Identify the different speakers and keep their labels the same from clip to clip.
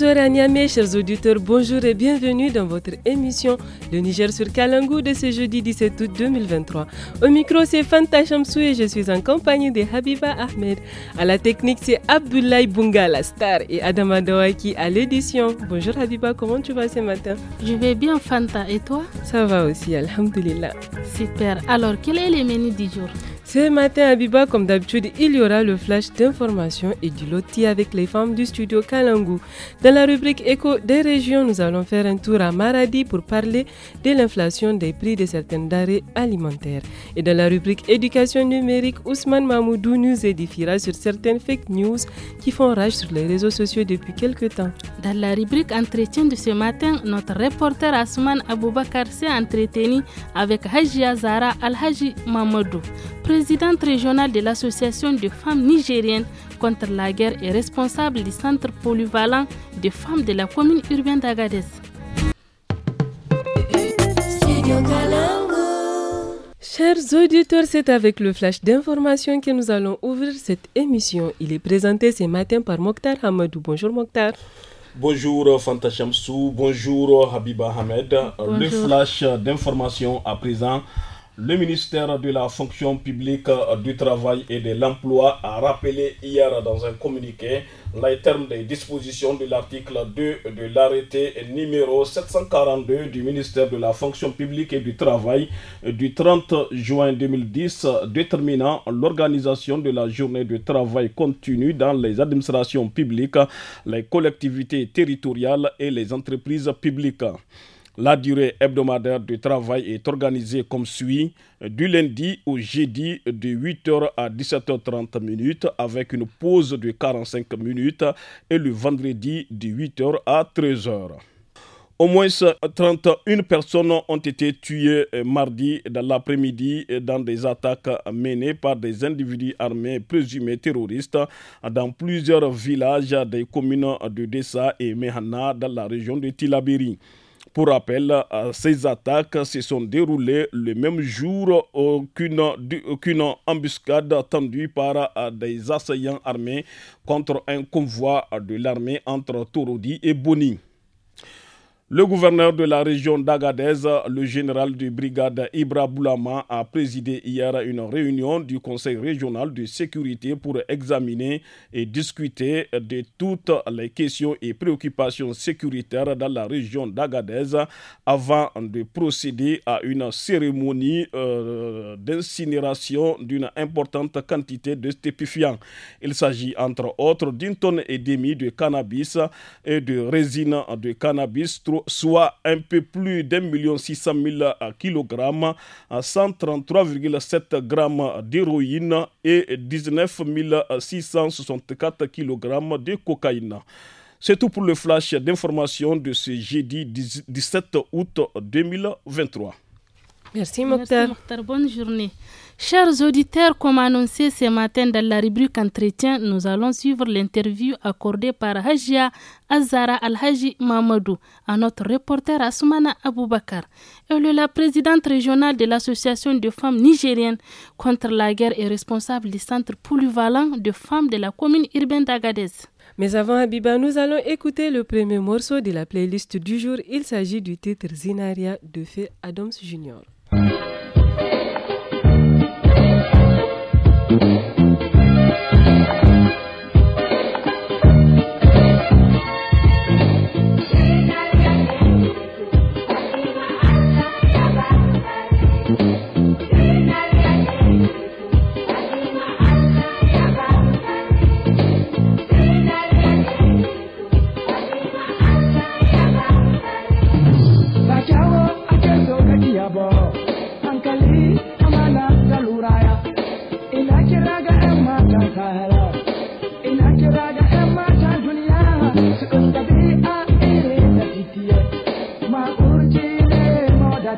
Speaker 1: Bonsoir chers auditeurs, bonjour et bienvenue dans votre émission Le Niger sur Kalangou de ce jeudi 17 août 2023. Au micro, c'est Fanta Chamsou et je suis en compagnie de Habiba Ahmed. À la technique, c'est Abdoulaye Bunga, la star, et Adama Dawaki à l'édition. Bonjour Habiba, comment tu vas ce matin Je vais bien, Fanta, et toi Ça va aussi, Alhamdulillah.
Speaker 2: Super. Alors, quel est le menu du jour
Speaker 1: ce matin à Biba, comme d'habitude, il y aura le flash d'informations et du loti avec les femmes du studio Kalangu. Dans la rubrique écho des régions, nous allons faire un tour à Maradi pour parler de l'inflation des prix de certaines denrées alimentaires. Et dans la rubrique éducation numérique, Ousmane
Speaker 2: Mamoudou nous édifiera sur certaines fake news qui font rage sur les réseaux sociaux depuis quelques temps. Dans la rubrique entretien de ce matin, notre reporter Ousmane Aboubakar s'est entretenu avec Hajia Azara Al-Haji Mamadou présidente régionale de l'Association de femmes nigériennes contre la guerre et responsable du centre polyvalent des femmes de la commune urbaine d'Agadez.
Speaker 1: Chers auditeurs, c'est avec le flash d'information que nous allons ouvrir cette émission. Il est présenté ce matin par Mokhtar Hamadou. Bonjour Mokhtar.
Speaker 3: Bonjour Fanta Chamsou, bonjour Habiba Ahmed. Euh, le flash d'information à présent le ministère de la fonction publique, euh, du travail et de l'emploi a rappelé hier dans un communiqué les termes des dispositions de l'article 2 de l'arrêté numéro 742 du ministère de la fonction publique et du travail du 30 juin 2010 déterminant l'organisation de la journée de travail continue dans les administrations publiques, les collectivités territoriales et les entreprises publiques. La durée hebdomadaire du travail est organisée comme suit, du lundi au jeudi de 8h à 17h30 minutes avec une pause de 45 minutes et le vendredi de 8h à 13h. Au moins 31 personnes ont été tuées mardi dans l'après-midi dans des attaques menées par des individus armés présumés terroristes dans plusieurs villages des communes de Dessa et Mehana dans la région de Tilabiri. Pour rappel, euh, ces attaques se sont déroulées le même jour qu'une embuscade tendue par euh, des assaillants armés contre un convoi de l'armée entre Torodi et Boni. Le gouverneur de la région d'Agadez, le général de brigade Ibra Boulama, a présidé hier une réunion du Conseil régional de sécurité pour examiner et discuter de toutes les questions et préoccupations sécuritaires dans la région d'Agadez avant de procéder à une cérémonie euh, d'incinération d'une importante quantité de stupéfiants. Il s'agit entre autres d'une tonne et demie de cannabis et de résine de cannabis trop soit un peu plus d'un million six cent mille euh, kilogrammes, 133,7 euh, grammes d'héroïne et euh, soixante quatre kilogrammes de cocaïne. C'est tout pour le flash d'information de ce jeudi 17 août 2023.
Speaker 2: Merci Mokhtar. Merci Bonne journée. Chers auditeurs, comme annoncé ce matin dans la rubrique Entretien, nous allons suivre l'interview accordée par Hajia Azara Al-Haji Mamadou à notre reporter Asumana Aboubakar. Elle est la présidente régionale de l'Association de femmes nigériennes contre la guerre et responsable du centre polyvalent de femmes de la commune urbaine d'Agadez. Mais avant Abiba, nous allons
Speaker 1: écouter le premier morceau de la playlist du jour. Il s'agit du titre Zinaria de Fé Adams Junior. thank you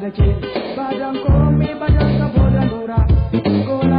Speaker 4: Badang komi badang sabodang gora.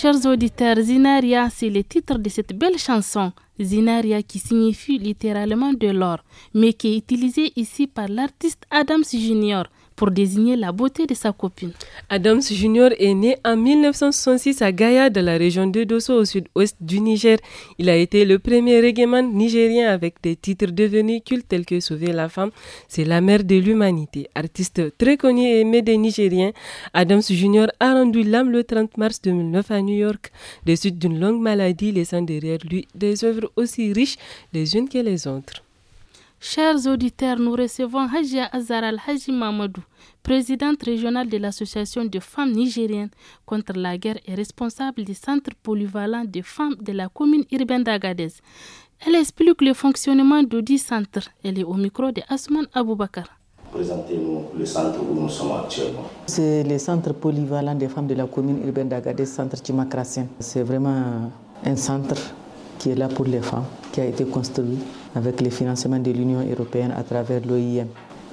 Speaker 2: chers auditeurs, Zinaria, c'est le titre de cette belle chanson. Zinaria qui signifie littéralement de l'or, mais qui est utilisée ici par l'artiste Adams Jr pour désigner la beauté de sa copine. Adams Jr. est né en
Speaker 1: 1966 à Gaïa, dans la région de Dosso, au sud-ouest du Niger. Il a été le premier reggaeman nigérien avec des titres devenus cultes tels que Sauver la femme, c'est la mère de l'humanité. Artiste très connu et aimé des Nigériens, Adams Jr. a rendu l'âme le 30 mars 2009 à New York, des suites d'une longue maladie, laissant derrière lui des œuvres aussi riches les unes que les autres.
Speaker 2: Chers auditeurs, nous recevons Hajia Azar Al-Haji Mamadou, présidente régionale de l'Association de femmes nigériennes contre la guerre et responsable du centre polyvalent des femmes de la commune urbaine d'Agadez. Elle explique le fonctionnement de ce centre. Elle est au micro de Asman Aboubakar.
Speaker 5: Présentez-nous le centre où nous sommes actuellement.
Speaker 6: C'est le centre polyvalent des femmes de la commune urbaine d'Agadez, centre Timakrasien. C'est vraiment un centre qui est là pour les femmes, qui a été construit avec les financements de l'Union européenne à travers l'OIM.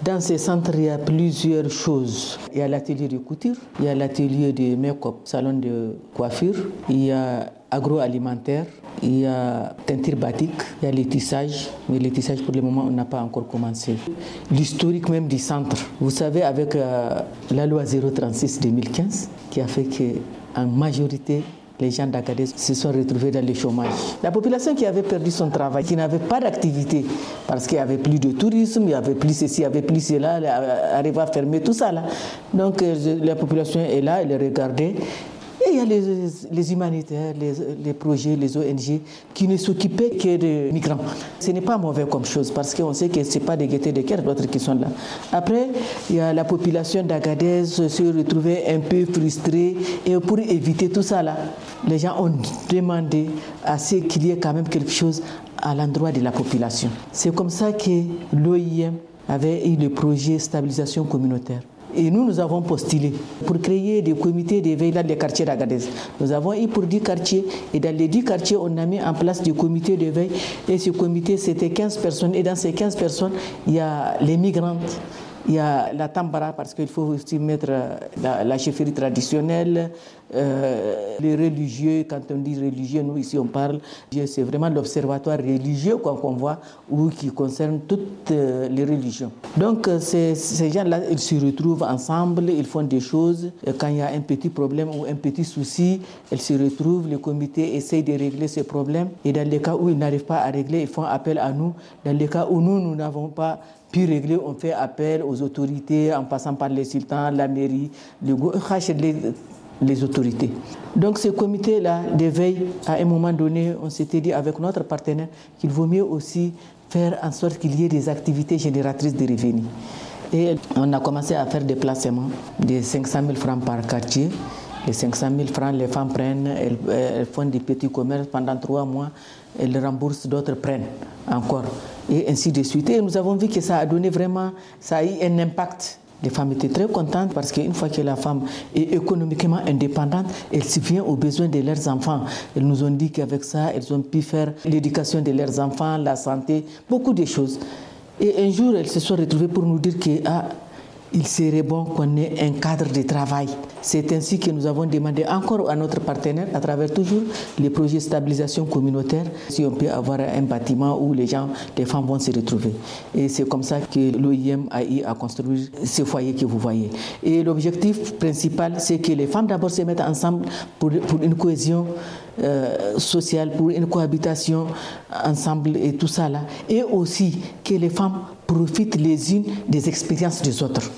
Speaker 6: Dans ces centres, il y a plusieurs choses. Il y a l'atelier de couture, il y a l'atelier de make-up, salon de coiffure, il y a agroalimentaire, il y a teinture batik, il y a le tissage, mais le tissage, pour le moment on n'a pas encore commencé. L'historique même du centre, vous savez avec euh, la loi 036 2015 qui a fait que en majorité les gens d'Agadez se sont retrouvés dans le chômage. La population qui avait perdu son travail, qui n'avait pas d'activité, parce qu'il n'y avait plus de tourisme, il n'y avait plus ceci, il n'y avait plus cela, arrive à fermer tout ça là. Donc euh, la population est là, elle est regardée. Et il y a les, humanitaires, les, projets, les ONG qui ne s'occupaient que des migrants. Ce n'est pas mauvais comme chose parce qu'on sait que ce n'est pas des guettés de cœur d'autres qui sont là. Après, il y a la population d'Agadez se retrouvait un peu frustrée et pour éviter tout ça là, les gens ont demandé à ce qu'il y ait quand même quelque chose à l'endroit de la population. C'est comme ça que l'OIM avait eu le projet stabilisation communautaire. Et nous, nous avons postulé pour créer des comités de veille dans les quartiers d'Agadez. Nous avons eu pour 10 quartiers et dans les 10 quartiers, on a mis en place des comités de veille. Et ce comité, c'était 15 personnes. Et dans ces 15 personnes, il y a les migrantes, il y a la tambara parce qu'il faut aussi mettre euh, la, chefferie traditionnelle, euh, les religieux, quand on dit religieux, nous ici on parle, c'est vraiment l'observatoire religieux qu'on voit ou qui concerne toutes euh, les religions. Donc ces, gens-là, ils se retrouvent ensemble, ils font des choses. Quand il y a un petit problème ou un petit souci, ils se retrouvent, le comité essaye de régler ces problèmes. Et dans les cas où ils n'arrivent pas à régler, ils font appel à nous. Dans les cas où nous, nous n'avons pas puis on fait appel aux autorités en passant par les sultans, la mairie, le les, autorités. Donc ce comité-là d'éveil, à un moment donné, on s'était dit avec notre partenaire qu'il vaut mieux aussi faire en sorte qu'il y ait des activités génératrices de revenus. Et on a commencé à faire des placements de 500 000 francs par quartier. Les 500 000 francs, les femmes prennent, elles, elles font des petits commerces pendant trois mois, elles remboursent, d'autres prennent encore et ainsi de suite. Et nous avons vu que ça a donné vraiment, ça a eu un impact. Les femmes étaient très contentes parce qu'une fois que la femme est économiquement indépendante, elle vient aux besoins de leurs enfants. Elles nous ont dit qu'avec ça, elles ont pu faire l'éducation de leurs enfants, la santé, beaucoup de choses. Et un jour, elles se sont retrouvées pour nous dire que ah, il serait bon qu'on ait un cadre de travail. C'est ainsi que nous avons demandé encore à notre partenaire, à travers toujours les projets de stabilisation communautaire, si on peut avoir un bâtiment où les gens, les femmes vont se retrouver. Et c'est comme ça que l'OIM a eu à construire ce foyer que vous voyez. Et l'objectif principal, c'est que les femmes d'abord se mettent ensemble pour, pour une cohésion euh, sociale pour une cohabitation ensemble et tout ça Et aussi que les femmes profitent les unes des expériences des autres.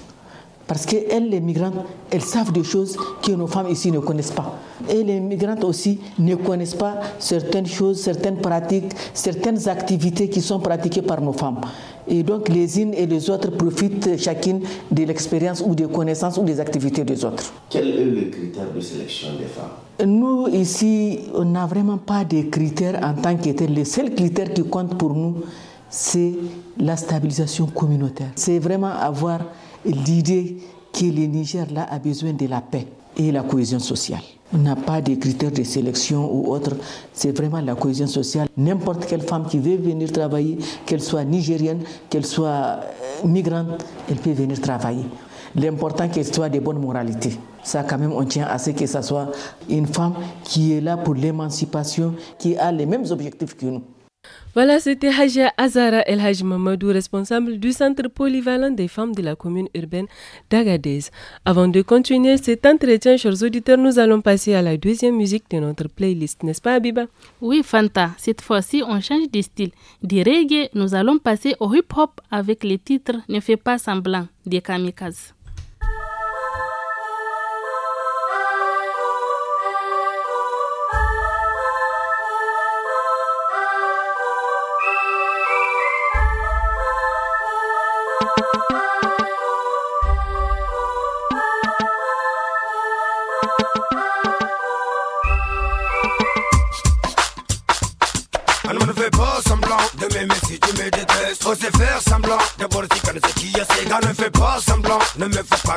Speaker 6: Parce qu'elles, les migrantes, elles savent des choses que nos femmes ici ne connaissent pas. Et les migrantes aussi ne connaissent pas certaines choses, certaines pratiques, certaines activités qui sont pratiquées par nos femmes. Et donc les unes et les autres profitent chacune de l'expérience ou des connaissances ou des activités des autres. Quel est le critère de sélection des femmes Nous, ici, on n'a vraiment pas de critères en tant qu'État. Le seul critère qui compte pour nous, c'est la stabilisation communautaire. C'est vraiment avoir l'idée que le Niger là a besoin de la paix et la cohésion sociale. On n'a pas de critères de sélection ou autre, c'est vraiment la cohésion sociale. N'importe quelle femme qui veut venir travailler, qu'elle soit nigérienne, qu'elle soit euh, migrante, elle peut venir travailler. L'important qu'elle soit de bonne moralité. Ça, quand même, on tient à ce que ce soit une femme qui est là pour l'émancipation, qui a les mêmes objectifs que nous.
Speaker 1: Voilà, c'était Haja Azara El Haj Mamadou, responsable du centre polyvalent des femmes de la commune urbaine d'Agadez. Avant de continuer cet entretien, chers auditeurs, nous allons passer à
Speaker 2: la deuxième musique de notre playlist, n'est-ce pas, Abiba Oui, Fanta. Cette fois-ci, on change de style. Du reggae, nous allons passer au hip-hop avec le titre « Ne fais pas semblant des kamikazes.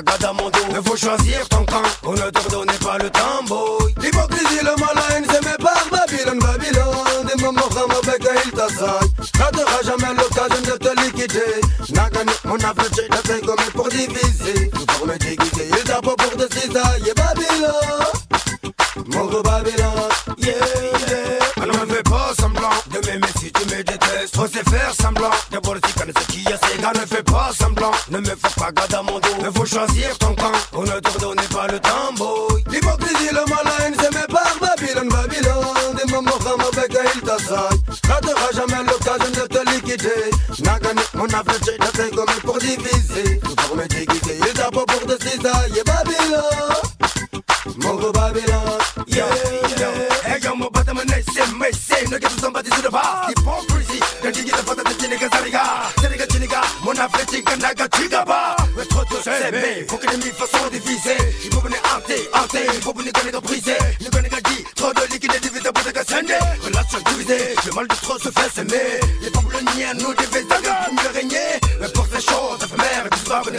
Speaker 4: Braga dans mon dos. Ne faut choisir have a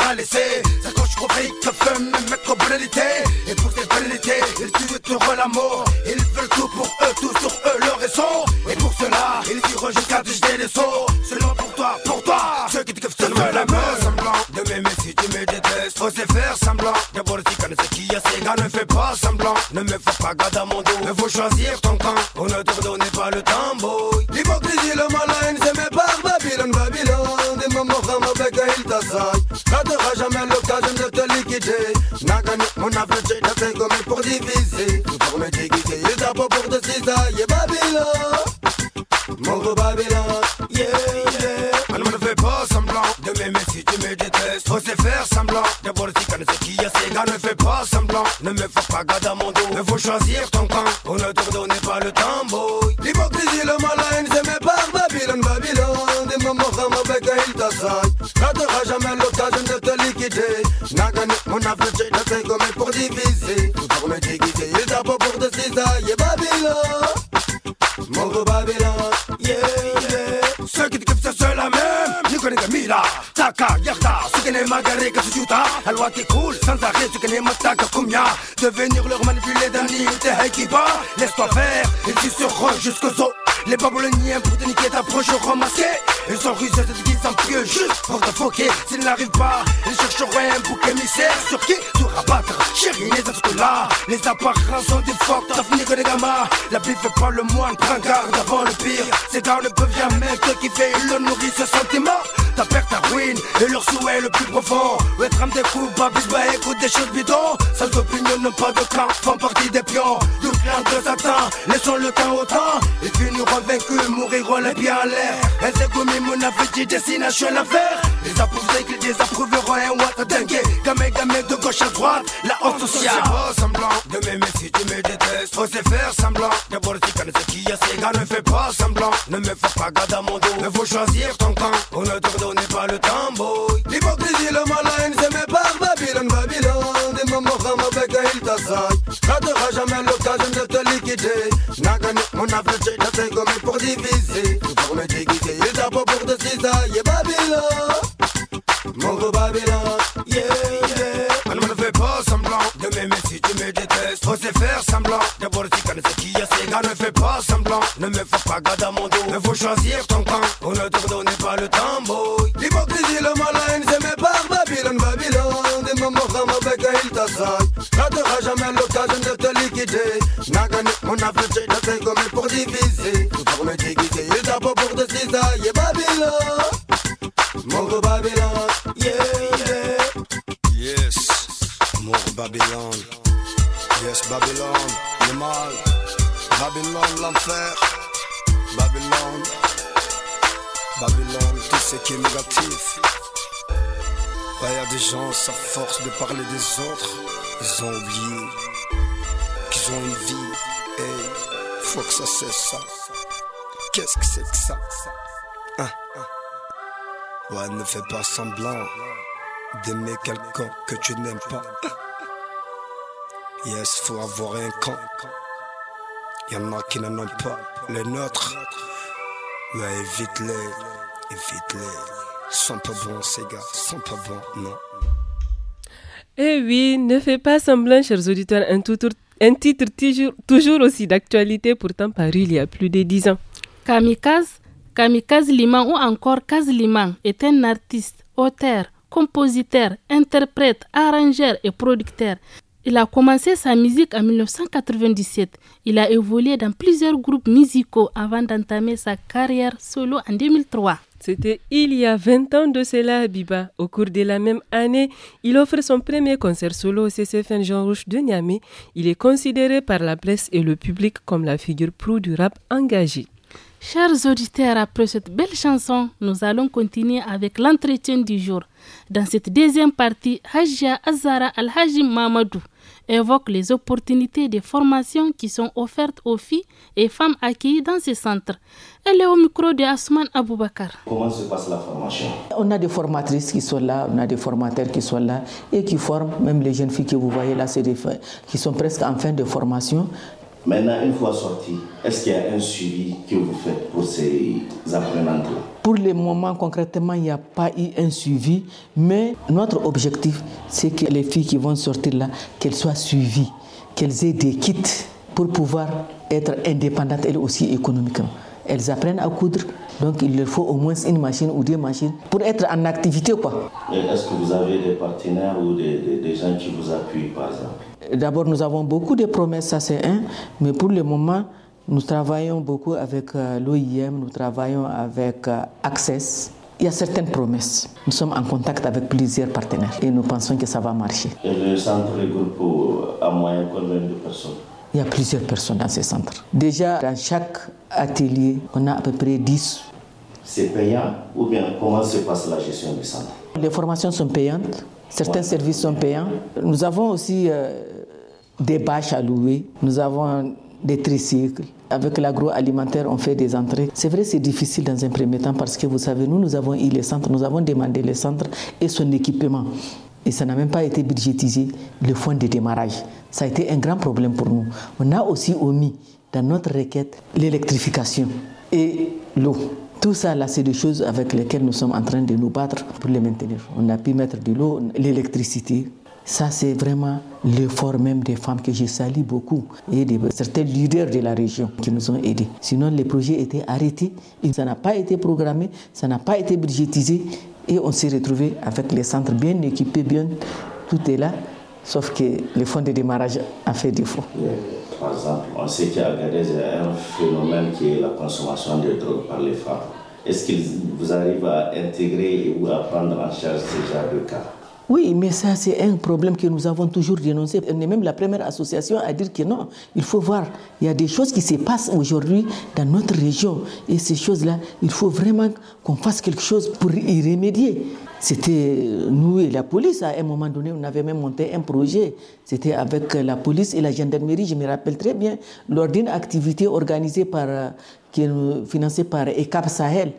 Speaker 4: Ça
Speaker 7: laissé Ça coche je vite, le feu me mettre blélité Et pour tes velléités, ils tuent toujours mort Ils veulent tout pour eux, tout sur eux, leur raison Et pour cela, ils tirent jusqu'à toucher les sauts Seulement pour toi, pour toi, ceux qui te kiffent seulement la main Semblant de m'aimer si tu me détestes, se faire semblant D'abord, si connais ce qu'il y a, ces gars ne fais pas semblant Ne me fais pas garde à mon dos, il faut choisir ton camp pas gagné mon j'en la fait commis pour diviser. Tout pour me déguiser, et d'abord pour te cisailler. Babylon, mon gros Babylon yeah, yeah. Elle me fait pas semblant de m'aimer si tu me détestes. Faut se faire semblant d'abord si ne c'est qui a ces gars. Ne fais pas semblant, ne me fais pas garder à mon dos. Il faut choisir ton camp pour ne te redonner pas le tambour. On a fait chez la comme pour diviser, tout pour me déguiser, et d'abord pour te y'a Babylone, mon gros Babylone, yeah, yeah. Ceux qui te kiffent, c'est ceux-là même, nous connais Camila taka que juta La loi qui coule sans arrêt ce qui ma taka comme ya Devenir leur manipuler d'un nid de haïkiba Laisse-toi faire et tu seras jusqu'aux os les babyloniens pour te niquer t'approcheront remasqués Ils sont rusés, de déguisent en pieux juste pour te foquer S'ils n'arrivent pas, ils chercheront un bouc émissaire Sur qui tu rabattre, chérie, les autres là Les apparences sont des fortes, t'as fini que des gamins La vie fait pas le moine, prends garde avant le pire Ces dans ne peuvent jamais qui qui ils le ce sentiment et leur souhait le plus profond. Ouais, trame des coups, babis, bah écoute des choses bidons. Sales opinions n'ont pas de clan, font partie des pions. En de Satan, laissons le temps au temps. Et tu nous convaincus, mourir les pieds à l'air. Elle gommé mon appétit, destination à l'affaire. Les approuvés et désapprouveront un watt dingue. Gamé, gamé de gauche à droite, la honte sociale. Oh, semblant de m'aimer si tu me détestes. Osez faire semblant d'abord tu connais ce qui y a. Ces gars ne fais pas semblant, ne me fais pas garde à mon dos. Ne faut choisir ton camp, on ne te redonne pas le temps, boy. L'hypocrisie, le malin, c'est mes par Babylone, Babylone. Des mamans, femmes avec un il t'assaille. Ça jamais l'occasion même de te liquider. J'nagane mon avalanche, j'ai fait comme pour diviser. Tout pour le déguiser, et d'abord pas pour te cisailler. Babylon mon gros Babylon, yeah, yeah. Elle me fait pas semblant de m'aimer si tu me détestes. Faut se faire semblant d'abord si t'as qui a ses gars. Ne fais pas semblant, ne me fais pas garder à mon dos. Ne faut choisir ton camp, on ne te redonne pas le temps tambour. L'hypocrisie, le malin, c'est mes par Babylone, Babylone. Des mamans, avec un il t'assaille. T'as jamais l'occasion de te liquider. On a planché notre gommé pour diviser. Tout pour me déguiser et d'abord pour te cisailler. Babylone, mort de Babylone, yeah, yeah. Yes, mort Babylon, Babylone. Yes, Babylone, le mal. Babylone, l'enfer. Babylon, Babylon, tout ce qui est négatif. Il y a des gens, à force de parler des autres, ils ont oublié qu'ils ont une vie. Faut que ça cesse ça. Qu'est-ce que c'est que ça ah, ah. Ouais, ne fais pas semblant d'aimer quelqu'un que tu n'aimes pas. Yes, faut avoir un camp. en a qui n'en ont pas. Les nôtres, ouais, évite-les, évite-les. Sont pas bons, ces gars, sont pas bons, non.
Speaker 1: Eh oui, ne fais pas semblant, chers auditeurs, un tout un titre toujours, aussi d'actualité, pourtant paru il y a plus de dix ans.
Speaker 2: Kamikaze, Kamikaze Liman ou encore Kaz Liman est un artiste, auteur, compositeur, interprète, arrangeur et producteur. Il a commencé sa musique en 1997. Il a évolué dans plusieurs groupes musicaux avant d'entamer sa carrière solo en 2003. C'était il y a 20 ans de cela, Biba. Au cours de la même année,
Speaker 1: il offre son premier concert solo au CCFN Jean Rouge de Niamey. Il est considéré par la presse et le public comme la figure proue du rap engagé.
Speaker 2: Chers auditeurs, après cette belle chanson, nous allons continuer avec l'entretien du jour. Dans cette deuxième partie, Hajia Azara Al-Hajim Mamadou évoque les opportunités de formation qui sont offertes aux filles et femmes accueillies dans ces centres. Elle est au micro de Asman Aboubakar. Comment
Speaker 8: se passe la formation
Speaker 6: On a des formatrices qui sont là, on a des formateurs qui sont là et qui forment, même les jeunes filles que vous voyez là, qui sont presque en fin de formation
Speaker 8: Maintenant, une fois sorti, est-ce qu'il y a un suivi que vous faites pour ces apprenants-là
Speaker 6: Pour le moment, concrètement, il n'y a pas eu un suivi, mais notre objectif, c'est que les filles qui vont sortir là, qu'elles soient suivies, qu'elles aient des kits pour pouvoir être indépendantes, elles aussi économiquement. Elles apprennent à coudre, donc il leur faut au moins une machine ou deux machines pour être en activité.
Speaker 8: Est-ce que vous avez des partenaires ou des gens qui vous appuient, par exemple
Speaker 6: D'abord, nous avons beaucoup de promesses, ça c'est un, mais pour le moment, nous travaillons beaucoup avec euh, l'OIM, nous travaillons avec euh, Access. Il y a certaines promesses. Nous sommes en contact avec plusieurs partenaires et nous pensons que ça va marcher.
Speaker 5: le centre regroupe à euh, moyen combien de personnes
Speaker 6: Il y a plusieurs personnes dans ce centre. Déjà, dans chaque atelier, on a à peu près 10. C'est payant ou bien comment se passe la gestion du centre Les formations sont payantes. Certains services sont payants. Nous avons aussi euh, des bâches à louer. Nous avons des tricycles. Avec l'agroalimentaire, on fait des entrées. C'est vrai, c'est difficile dans un premier temps parce que vous savez, nous, nous avons eu les centres, nous avons demandé les centres et son équipement. Et ça n'a même pas été budgétisé, le fonds de démarrage. Ça a été un grand problème pour nous. On a aussi omis dans notre requête l'électrification et l'eau. Tout ça, là, c'est des choses avec lesquelles nous sommes en train de nous battre pour les maintenir. On a pu mettre de l'eau, l'électricité. Ça, c'est vraiment l'effort même des femmes que je salue beaucoup et de certains leaders de la région qui nous ont aidés. Sinon, les projets étaient arrêtés, ça n'a pas été programmé, ça n'a pas été budgétisé et on s'est retrouvé avec les centres bien équipés, bien, tout est là, sauf que le fonds de démarrage a fait défaut
Speaker 8: par exemple, on sait qu'à y a un phénomène qui est la consommation de drogue par les femmes. Est-ce qu'ils vous arrivez à intégrer ou à prendre en charge ce genre de cas
Speaker 6: oui, mais ça, c'est un problème que nous avons toujours dénoncé. On est même la première association à dire que non, il faut voir. Il y a des choses qui se passent aujourd'hui dans notre région. Et ces choses-là, il faut vraiment qu'on fasse quelque chose pour y remédier. C'était euh, nous et la police. À un moment donné, on avait même monté un projet. C'était avec euh, la police et la gendarmerie, je me rappelle très bien, lors d'une activité organisée par, euh, qui est financée par ECAP Sahel,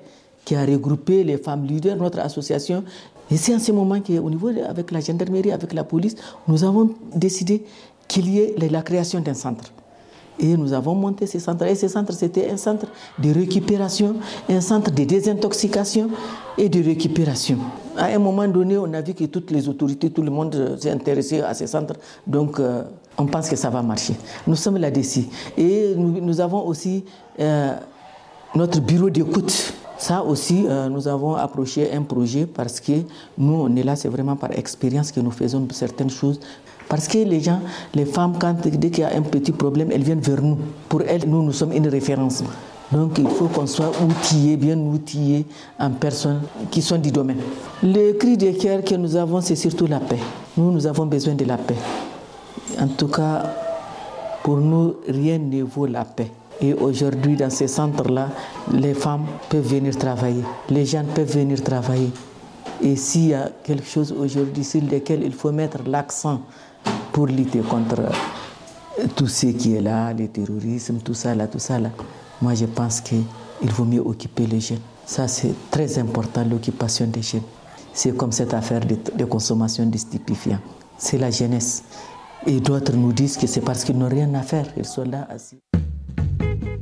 Speaker 6: qui a regroupé les femmes leaders. de Notre association et c'est en ce moment qu'au niveau, avec la gendarmerie, avec la police, nous avons décidé qu'il y ait la création d'un centre. Et nous avons monté ce centre. Et ce centre, c'était un centre de récupération, un centre de désintoxication et de récupération. À un moment donné, on a vu que toutes les autorités, tout le monde s'est intéressé à ce centre. Donc, euh, on pense que ça va marcher. Nous sommes là-dessus. Et nous, avons aussi euh, notre bureau d'écoute ça aussi, euh, nous avons approché un projet parce que nous, on est là, c'est vraiment par expérience que nous faisons certaines choses. Parce que les gens, les femmes, quand, dès qu'il y a un petit problème, elles viennent vers nous. Pour elles, nous, nous sommes une référence. Donc il faut qu'on soit outillés, bien outillés en personnes qui sont du domaine. Le cri de cœur que nous avons, c'est surtout la paix. Nous, nous avons besoin de la paix. En tout cas, pour nous, rien ne vaut la paix. Et aujourd'hui, dans ces centres-là, les femmes peuvent venir travailler, les jeunes peuvent venir travailler. Et s'il y a quelque chose aujourd'hui sur lequel il faut mettre l'accent pour lutter contre euh, tout ce qui est là, le terrorisme, tout ça là, tout ça là, moi je pense qu'il vaut mieux occuper les jeunes. Ça, c'est très important, l'occupation des jeunes. C'est comme cette affaire de, de consommation de stupéfiants. C'est la jeunesse. Et d'autres nous disent que c'est parce qu'ils n'ont rien à faire, ils sont là assis.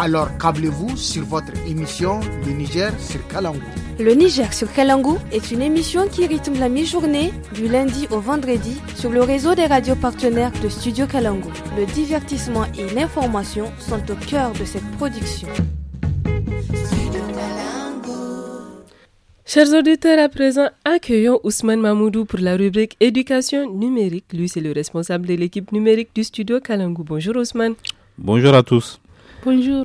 Speaker 9: alors câblez-vous sur votre émission Le Niger sur Kalangou. Le Niger sur Kalangou est une émission qui rythme la mi-journée du lundi au vendredi sur le réseau des radios partenaires de Studio Kalangou. Le divertissement et l'information sont au cœur de cette production.
Speaker 1: Chers auditeurs, à présent, accueillons Ousmane Mamoudou pour la rubrique Éducation numérique. Lui, c'est le responsable de l'équipe numérique du studio Kalangou. Bonjour Ousmane.
Speaker 8: Bonjour à tous.
Speaker 1: Bonjour.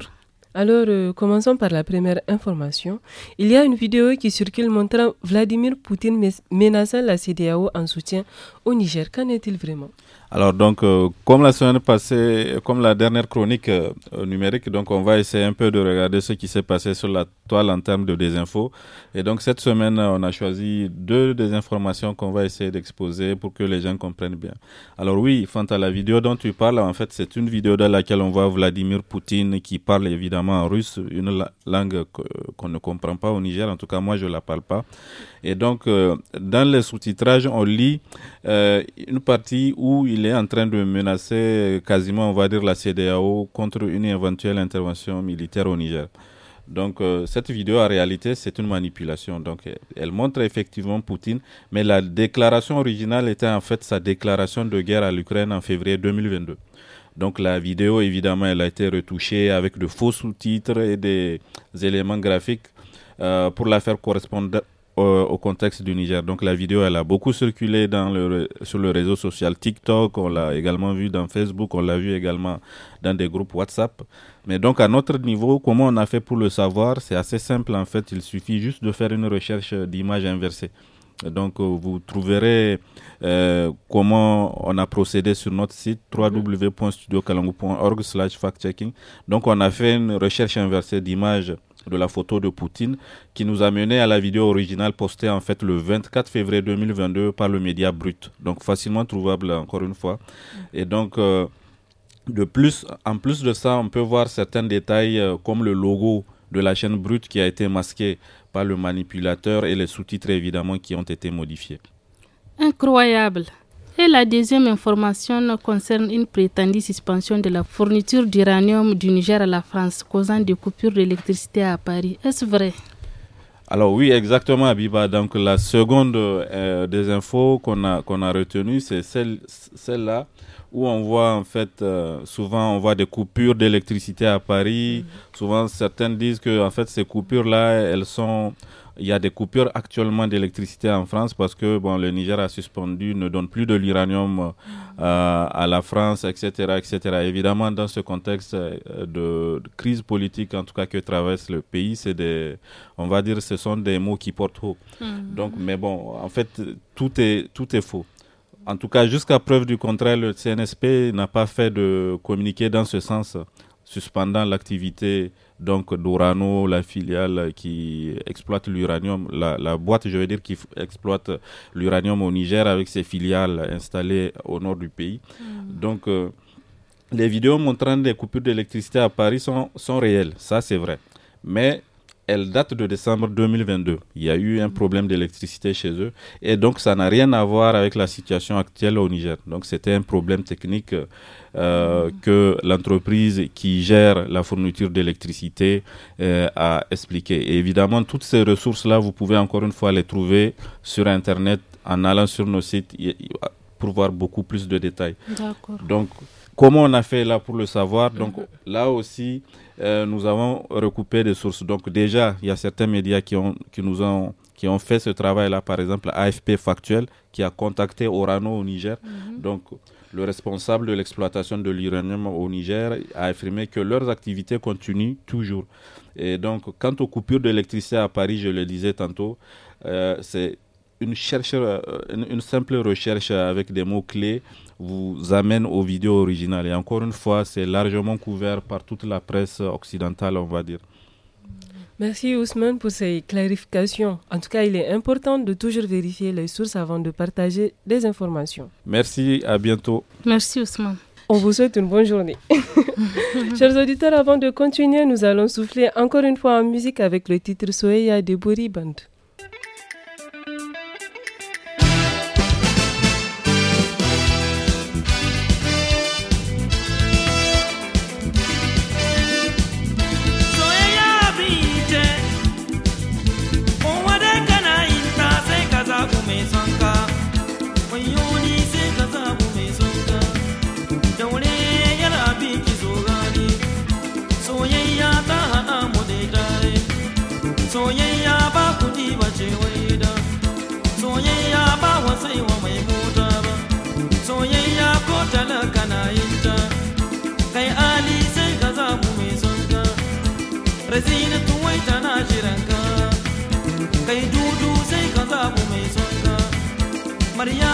Speaker 1: Alors, euh, commençons par la première information. Il y a une vidéo qui circule montrant Vladimir Poutine menaçant la CDAO en soutien au Niger. Qu'en est-il vraiment
Speaker 8: alors donc, euh, comme la semaine passée, comme la dernière chronique euh, numérique, donc on va essayer un peu de regarder ce qui s'est passé sur la toile en termes de désinfos. Et donc cette semaine, euh, on a choisi deux désinformations qu'on va essayer d'exposer pour que les gens comprennent bien. Alors oui, quant à la vidéo dont tu parles, en fait, c'est une vidéo dans laquelle on voit Vladimir Poutine qui parle évidemment en russe, une langue qu'on ne comprend pas au Niger. En tout cas, moi, je la parle pas. Et donc, euh, dans les sous titrage on lit euh, une partie où il est en train de menacer euh, quasiment, on va dire, la CDAO contre une éventuelle intervention militaire au Niger. Donc cette vidéo, en réalité, c'est une manipulation. Donc elle montre effectivement Poutine, mais la déclaration originale était en fait sa déclaration de guerre à l'Ukraine en février 2022. Donc la vidéo, évidemment, elle a été retouchée avec de faux sous-titres et des éléments graphiques pour la faire correspondre, euh, au, contexte du Niger. Donc la vidéo, elle a beaucoup circulé dans le, sur le réseau social TikTok, on l'a également vu dans Facebook, on l'a vu également dans des groupes WhatsApp. Mais donc à notre niveau, comment on a fait pour le savoir C'est assez simple en fait, il suffit juste de faire une recherche d'image inversée. Donc euh, vous trouverez euh, comment on a procédé sur notre site wwwstudio slash checking Donc on a fait une recherche inversée d'images de la photo de Poutine qui nous a mené à la vidéo originale postée en fait le 24 février 2022 par le média Brut. Donc facilement trouvable encore une fois. Mm. Et donc euh, de plus, en plus de ça, on peut voir certains détails euh, comme le logo de la chaîne Brut qui a été masqué par le manipulateur et les sous-titres évidemment qui ont été modifiés.
Speaker 2: Incroyable. Et la deuxième information concerne une prétendue suspension de la fourniture d'uranium du Niger à la France, causant des coupures d'électricité à Paris. Est-ce vrai
Speaker 8: alors oui, exactement, Abiba. Donc la seconde euh, des infos qu'on a, qu'on a retenu, c'est celle, celle-là où on voit en fait, euh, souvent on voit des coupures d'électricité à Paris. Mm-hmm. Souvent certaines disent que en fait ces coupures-là, elles sont il y a des coupures actuellement d'électricité en France parce que bon, le Niger a suspendu, ne donne plus de l'uranium euh, euh, à la France, etc., etc. Évidemment, dans ce contexte euh, de, crise politique, en tout cas que traverse le pays, c'est des, on va dire, ce sont des mots qui portent haut. Mmh. Donc, mais bon, en fait, tout est, tout est faux. En tout cas, jusqu'à preuve du contraire, le CNSP n'a pas fait de communiqué dans ce sens, suspendant l'activité donc d'Urano, la filiale qui exploite l'uranium, la, boîte, je veux dire, qui exploite l'uranium au Niger avec ses filiales installées au nord du pays. Hmm. Donc, euh, les vidéos montrant des coupures d'électricité à Paris sont, sont réelles, ça c'est vrai. Mais elle date de décembre 2022. Il y a eu un problème d'électricité chez eux. Et donc, ça n'a rien à voir avec la situation actuelle au Niger. Donc, c'était un problème technique euh, que l'entreprise qui gère la fourniture d'électricité euh, a expliqué. Et évidemment, toutes ces ressources-là, vous pouvez encore une fois les trouver sur Internet en allant sur nos sites pour voir beaucoup plus de détails. D'accord. Donc, Comment on a fait là pour le savoir mhm. Donc là aussi, euh, nous avons recoupé des sources. Donc déjà, il y a certains médias qui, ont, qui ont fait ce travail-là, par exemple AFP Factuel, qui a contacté Orano au Niger. Mhm. Donc, le responsable de l'exploitation de l'uranium au Niger a affirmé que leurs activités continuent toujours. Et donc, quant aux coupures d'électricité à Paris, je le disais tantôt, euh, c'est une, cherche, euh, une, simple recherche avec des mots-clés vous amène aux vidéos originales. Et encore une fois, c'est largement couvert par toute la presse occidentale, on va dire.
Speaker 1: Merci Ousmane pour ces clarifications. En tout cas, il est important de toujours vérifier les sources avant de partager des informations.
Speaker 8: Merci, à bientôt.
Speaker 1: Merci Ousmane. On vous souhaite une bonne journée. Chers auditeurs, avant de continuer, nous allons souffler encore une fois en musique avec le titre Soeya de Band
Speaker 10: María.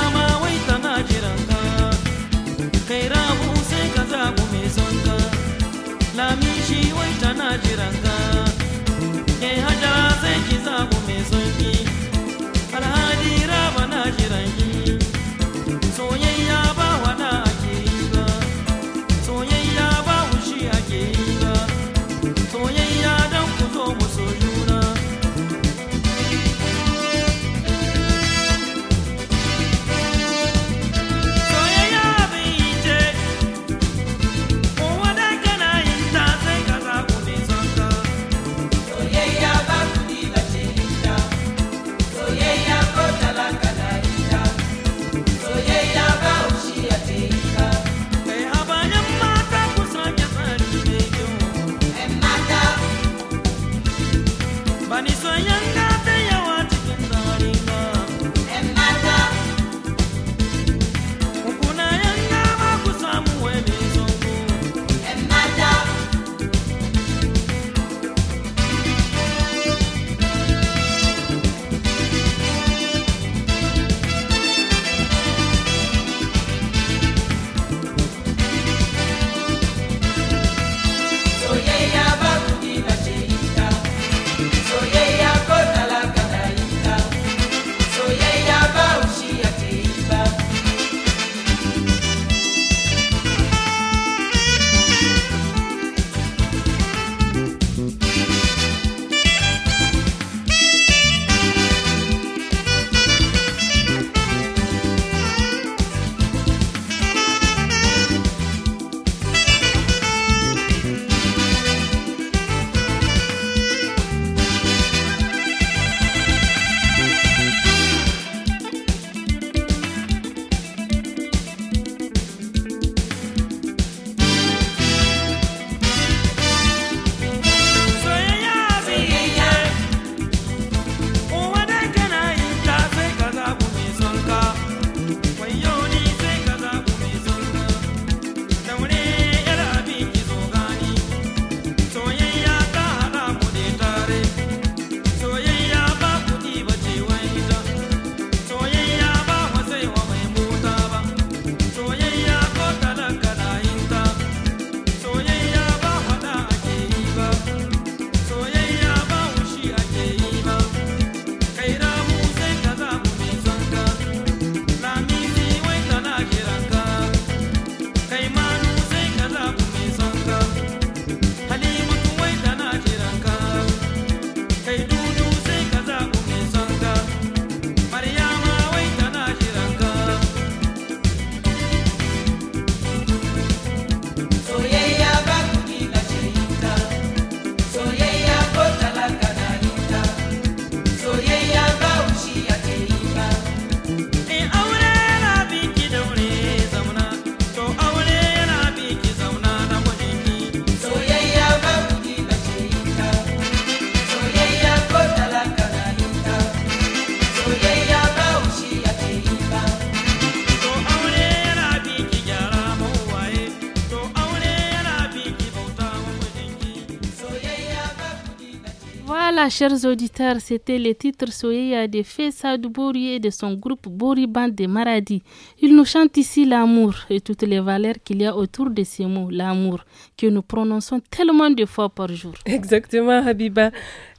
Speaker 2: chers auditeurs, c'était le titre Soyeya de Fessad Bouri et de son groupe Boriban de Maradi. Il nous chante ici l'amour et toutes les valeurs qu'il y a autour de ces mots, l'amour, que nous prononçons tellement de fois par jour. Exactement, Habiba.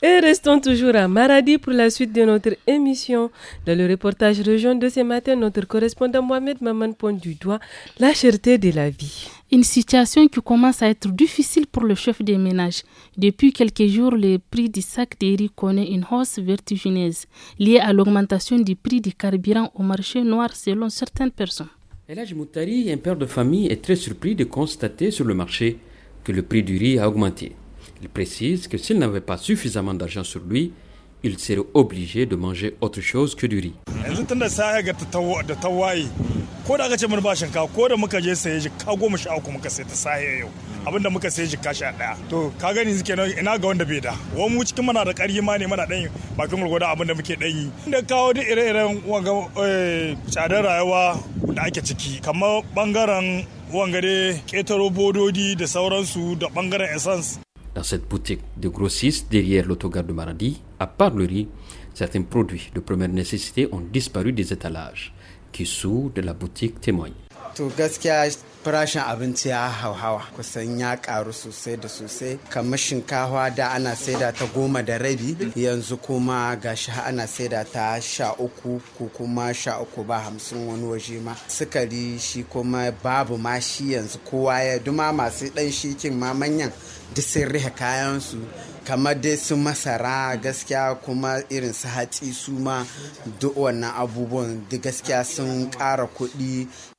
Speaker 2: Et restons toujours à Maradi pour la suite de notre
Speaker 1: émission. Dans le reportage région de ce matin, notre correspondant Mohamed Maman pointe du doigt
Speaker 2: la cherté de la vie. Une situation qui commence à être difficile pour le chef des ménages. Depuis quelques jours, le prix du sac de riz connaît une hausse vertigineuse liée à l'augmentation du prix du carburant au marché noir selon certaines personnes.
Speaker 11: Elage Moutari, un père de famille, est très surpris de constater sur le marché que le prix du riz a augmenté. Il précise que s'il n'avait pas suffisamment d'argent sur lui, il serait obligé de manger autre chose que du riz dans cette boutique de grossistes derrière l'autogarde de Maradi, à part le riz, certains produits de première nécessité ont disparu des étalages qui, sous de la boutique, témoignent.
Speaker 12: farashin abinci ya hauhawa kusan ya karu sosai da sosai kamar shinkawa da ana saida ta goma da rabi yanzu kuma gashi ana saida ta sha uku ko kuma sha uku ba hamsin wani waje ma sukari shi kuma babu ma shi yanzu kowa ya duma masu dan shikin ma manyan duk sun rihe kayansu kamar dai su masara gaskiya kuma irin su hatsi su ma duk wannan abubuwan duk gaskiya sun ƙara kuɗi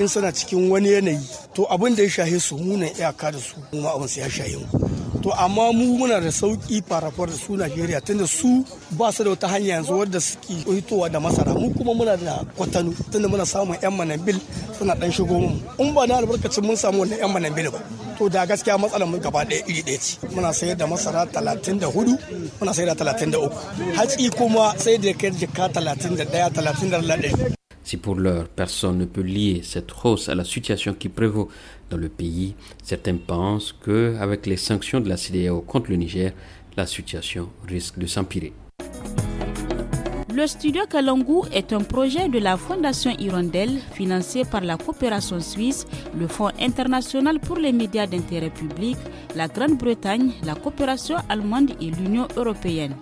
Speaker 12: in suna cikin wani yanayi to abin da ya shahe su muna iyaka da su
Speaker 6: kuma abin su ya shahe mu to amma mu muna da sauki farafar da su Najeriya tunda su ba su da wata hanya yanzu wadda suke hitowa da masara mu kuma muna da kwatano tunda muna
Speaker 12: samun yan manabil suna dan shigo mu in ba na albarkacin mun samu wannan yan manabil ba to da
Speaker 6: gaskiya matsalar mu gaba ɗaya iri ɗaya ce muna sayar da masara 34 muna sayar da 33 hatsi kuma sai da kai jika 31 31
Speaker 11: Si pour l'heure personne ne peut lier cette hausse à la situation qui prévaut dans le pays, certains pensent que, avec les sanctions de la CDAO contre le Niger, la situation risque de s'empirer.
Speaker 2: Le studio Kalangu est un projet de la Fondation Hirondelle financé par la coopération suisse, le Fonds international pour les médias d'intérêt public, la Grande-Bretagne, la coopération allemande et l'Union européenne.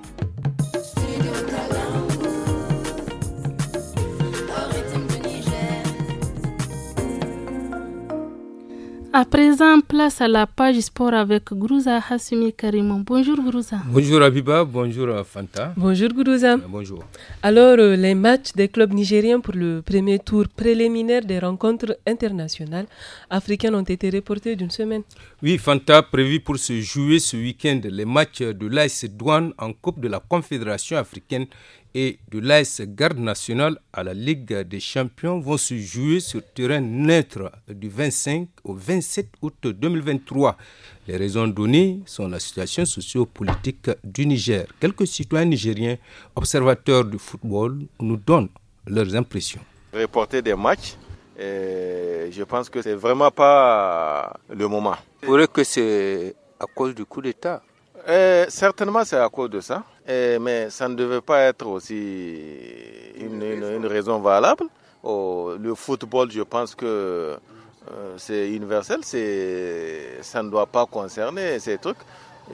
Speaker 2: À présent, place à la page sport avec Grouza Hassimi Karimon. Bonjour Grouza. Bonjour
Speaker 13: Abiba, bonjour Fanta. Bonjour Grouza. Euh, bonjour.
Speaker 1: Alors, euh, les matchs des clubs nigériens pour le premier tour préliminaire des rencontres internationales africaines ont été reportés d'une semaine.
Speaker 13: Oui, Fanta, prévu pour se jouer ce week-end les matchs de l'AS Douane en Coupe de la Confédération africaine et de l'AS Garde nationale à la Ligue des champions vont se jouer sur terrain neutre du 25 au 27 août 2023. Les raisons données sont la situation sociopolitique du Niger. Quelques citoyens nigériens, observateurs du football, nous donnent leurs impressions.
Speaker 14: Reporter des matchs, je pense que c'est vraiment pas le moment. Pour eux que c'est à cause du coup d'État euh, certainement, c'est à cause de ça. Euh, mais ça ne devait pas être aussi une, raison valable. Oh, le football, je pense que euh, c'est universel. Ça ne doit pas concerner ces trucs.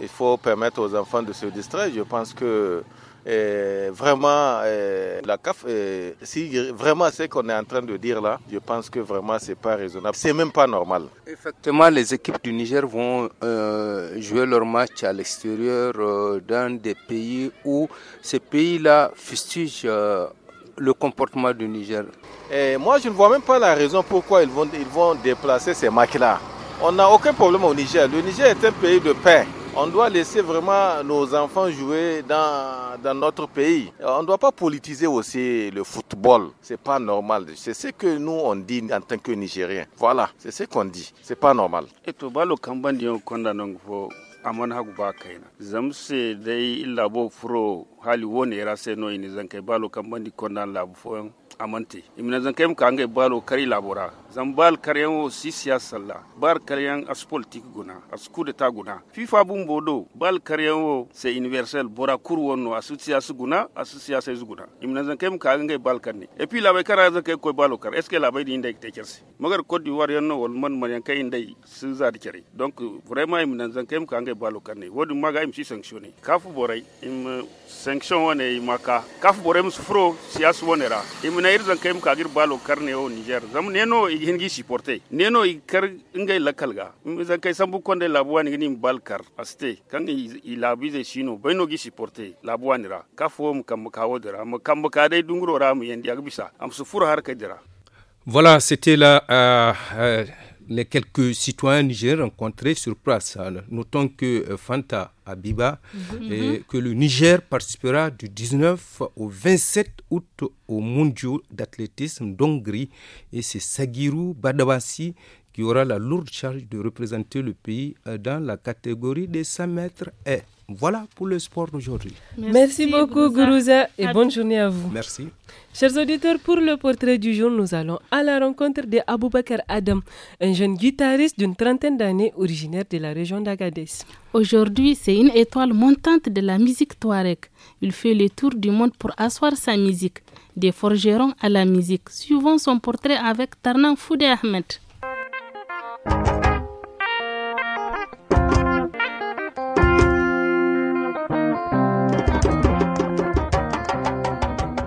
Speaker 14: Il faut permettre aux enfants de se distraire. Je pense que et vraiment, euh, la CAF, euh, si vraiment ce qu'on est en train de dire là, je pense que vraiment c'est pas raisonnable, c'est même pas normal. Effectivement, les équipes du Niger
Speaker 13: vont euh, jouer leurs matchs à l'extérieur dans des pays où ces pays-là fustigent le comportement du Niger. Et moi,
Speaker 14: je ne vois même pas la raison pourquoi ils vont, ils vont déplacer ces matchs-là. On n'a aucun problème au Niger. Le Niger est un pays de paix. On doit laisser vraiment nos enfants jouer dans, dans notre pays. On ne doit pas politiser aussi le football. Ce n'est pas normal. C'est ce que nous on dit en tant
Speaker 5: que Nigériens. Voilà, c'est ce qu'on dit. Ce n'est pas normal. Et dai no amante imina zan kai ka ngai balo kari labora zan bal karyan wo si siya la bal karyan as politique guna as coup ta guna fifa bun bodo bal karyan wo se universel bora kur wonno as siyasa guna as siyasa guna imina zan kai ka ngai bal karni et puis la bay kara zan kai ko balo kar est ce que la bay di ndai te kersi magar côte d'ivoire yanno wal man man kai ndai su za di kere donc vraiment imina zan kai ka ngai balo karni wodi maga im si sanctionné kafu borai im sanction wone maka kafu borai musufro siyasa wonera im na irzan kai muka gir balo karne o niger zam neno hingi supporter neno kar ngai lakalga zan kai sambu konde labuwa ni ni balkar aste kan i labi ze shino baino gi supporter labuwa ni ra kafo fo mu kam kawo dira mu kam ka dai dunguro ra mu yendi agbisa am su fur har ka dira
Speaker 13: Voilà, c'était la, euh, euh, les quelques citoyens nigériens rencontrés sur place. Notons que euh, Fanta Abiba mhm. que le Niger participera du 19 au 27 août au Mondial d'athlétisme d'Hongrie et c'est Sagiru Badawasi qui aura la lourde charge de représenter le pays euh, dans la catégorie des 100 mètres et. Voilà pour le sport d'aujourd'hui.
Speaker 1: Merci, beaucoup, Gourouza, et bonne journée à
Speaker 13: vous. Merci.
Speaker 1: Chers auditeurs, pour le portrait du jour, nous allons à la rencontre de Aboubakar Adam, un jeune guitariste d'une trentaine d'années originaire de
Speaker 2: la région d'Agadez. Aujourd'hui, c'est une étoile montante de la musique touareg. Il fait le tour du monde pour asseoir sa musique, des forgerons à la musique, suivant son portrait avec Tarnan Foudé Ahmed.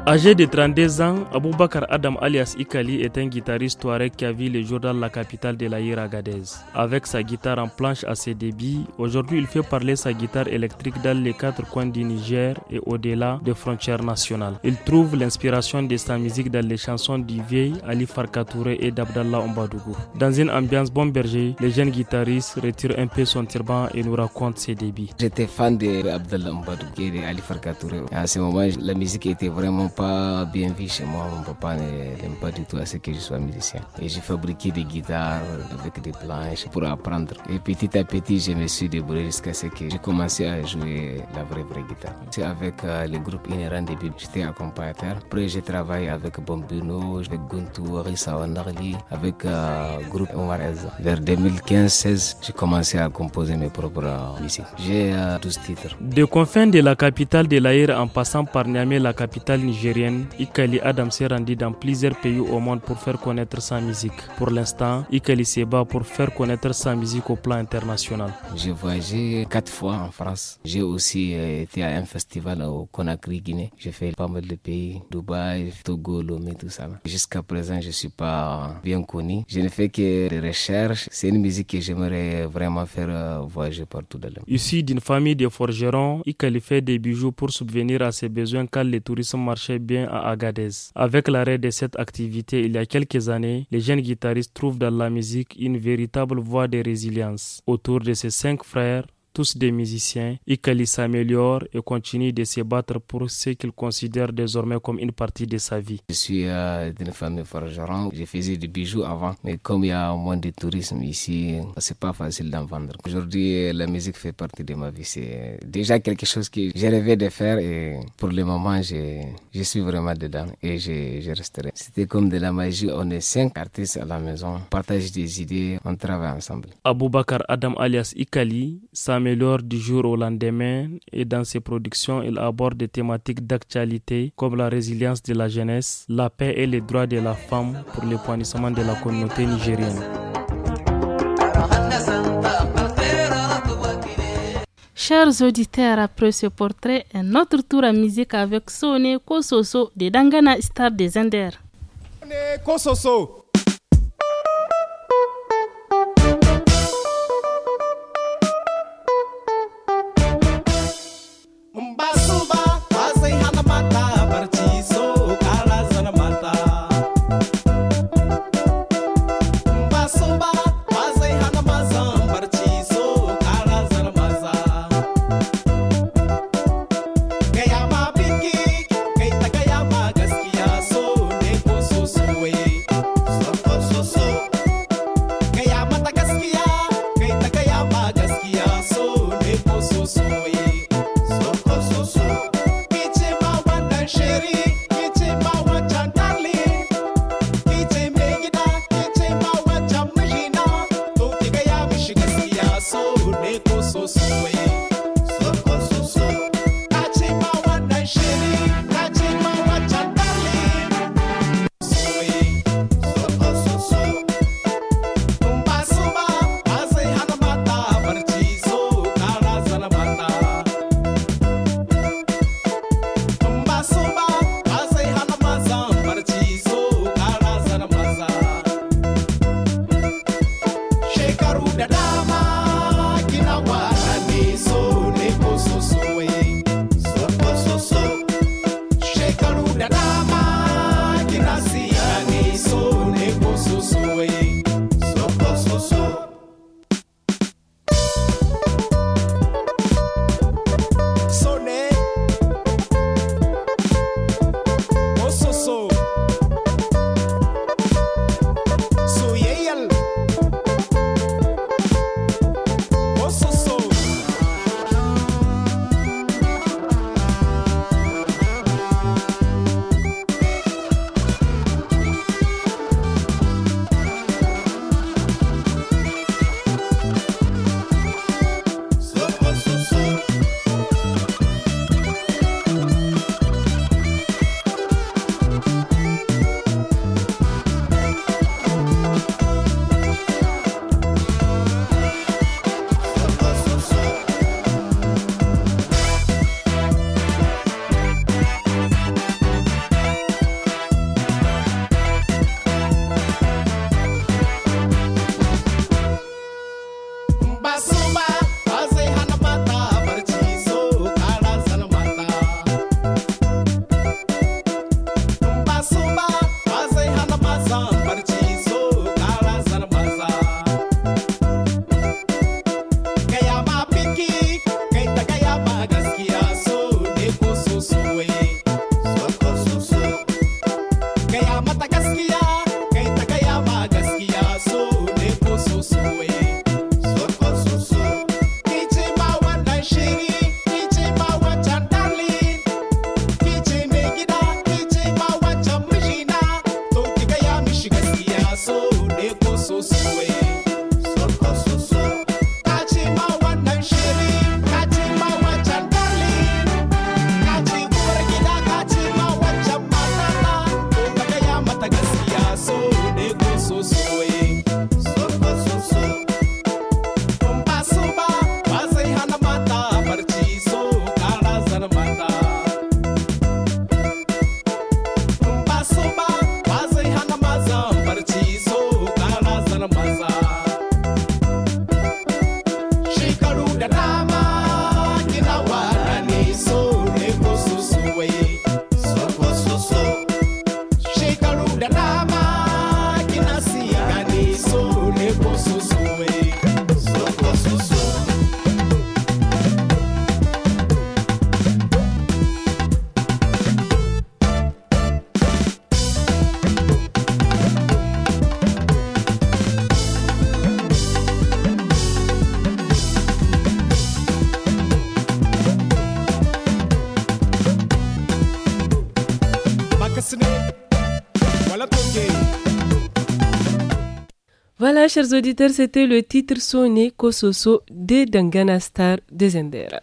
Speaker 15: Âgé de 32 ans, Aboubakar Adam alias Ikali est un guitariste touareg qui a vu le jour dans la capitale de la Hiragadez. Avec sa guitare en planche à ses débits, aujourd'hui il fait parler sa guitare électrique dans les quatre coins du Niger et au-delà des frontières nationales. Il trouve l'inspiration de sa musique dans les chansons du vieil Ali Farkatouré et d'Abdallah Ombadougou. Dans une ambiance bon berger, le jeune guitariste retire un peu son turban et nous raconte ses débits.
Speaker 16: J'étais fan de Abdallah et d'Ali Farkatouré. À ce moment, la musique était vraiment pas bien vu chez moi. Mon papa n'aime pas du tout à ce que je sois musicien. Et j'ai fabriqué des guitares avec des planches pour apprendre. Et petit à petit, je me suis débrouillé jusqu'à ce que j'ai commencé à jouer la vraie, vraie guitare. C'est avec euh, le groupe Inherent Début, j'étais accompagnateur. Après, j'ai travaillé avec Bombuno, avec Guntu, Rissa avec le euh, groupe Omar Vers 2015-16, j'ai commencé à composer mes propres euh, musiques. J'ai 12 titres.
Speaker 15: De confins de la capitale de l'Aïr en passant par Niamey, la capitale Nigeria. Ikali Adam s'est rendu dans plusieurs pays au monde pour faire connaître sa musique. Pour l'instant, Ikali se bat pour faire connaître sa musique au plan international.
Speaker 16: J'ai voyagé quatre fois en France. J'ai aussi euh, été à un festival au Conakry, Guinée. J'ai fait pas mal de pays, Dubaï, Togo, Lomé, tout ça. Jusqu'à présent, je ne suis pas bien connu. Je ne fais que des recherches. C'est une musique que j'aimerais vraiment faire euh, voyager partout dans le monde.
Speaker 15: Ici, d'une famille de forgerons, Ikali fait des bijoux pour subvenir à ses besoins quand le tourisme marché bien à Agadez. Avec l'arrêt de cette activité il y a quelques années, les jeunes guitaristes trouvent dans la musique une véritable voie de résilience. Autour de ses cinq frères, tous des musiciens, Ikali s'améliore et continue de se battre
Speaker 16: pour ce qu'il considère désormais comme une partie de sa vie. Je suis une euh, d'une famille forgeron, je faisais des bijoux avant, mais comme il y a moins de tourisme ici, c'est pas facile d'en vendre. Aujourd'hui, la musique fait partie de ma vie. C'est déjà quelque chose que j'ai rêvé de faire et pour le moment, je, suis vraiment dedans et je, je resterai. C'était comme de la magie. On est cinq artistes à la maison, on partage des idées, on travaille ensemble.
Speaker 15: Aboubakar Adam alias Ikali, Sam améliore du jour au lendemain et dans ses productions, il aborde des thématiques d'actualité comme la résilience de la jeunesse, la paix et les droits de la femme pour le l'épanouissement de la communauté nigérienne.
Speaker 2: Chers auditeurs, après ce portrait, un autre tour à musique avec Soné Kososo de Dangana Star des
Speaker 1: chers auditeurs, c'était le titre sonné Kososo de Dangana Star de Zendera.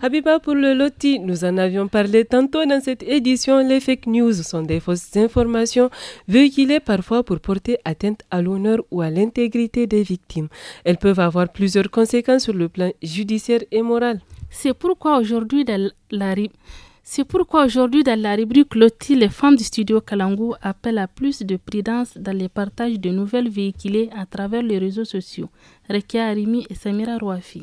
Speaker 1: Habiba pour le loti, nous en avions parlé tantôt dans cette édition. Les fake news sont des fausses informations véhiculées parfois pour porter atteinte à l'honneur ou à l'intégrité des victimes. Elles peuvent avoir plusieurs conséquences
Speaker 2: sur le plan judiciaire et moral. C'est pourquoi aujourd'hui, la c'est pourquoi aujourd'hui, dans la rubrique Loti, les femmes du studio Kalangu appellent à plus de prudence dans les partages de nouvelles véhiculées à travers les réseaux sociaux. Rekia Arimi et Samira Rouafi.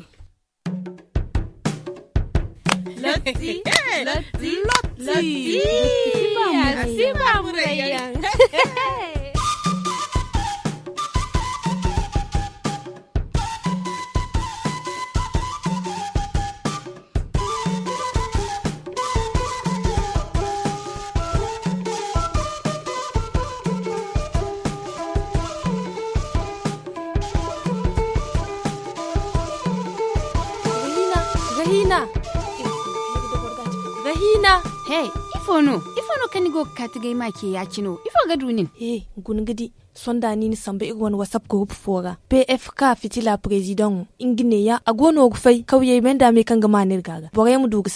Speaker 17: hey Ifo ifono kanigo katigay ma ke yacino ifoga dunin hey eh, gungidi
Speaker 9: sonda nini samba irwan WhatsApp ko hupu fora pfk fitila president ingine ya agono gufai kauye men da me kanga manir gaga bore mu dugu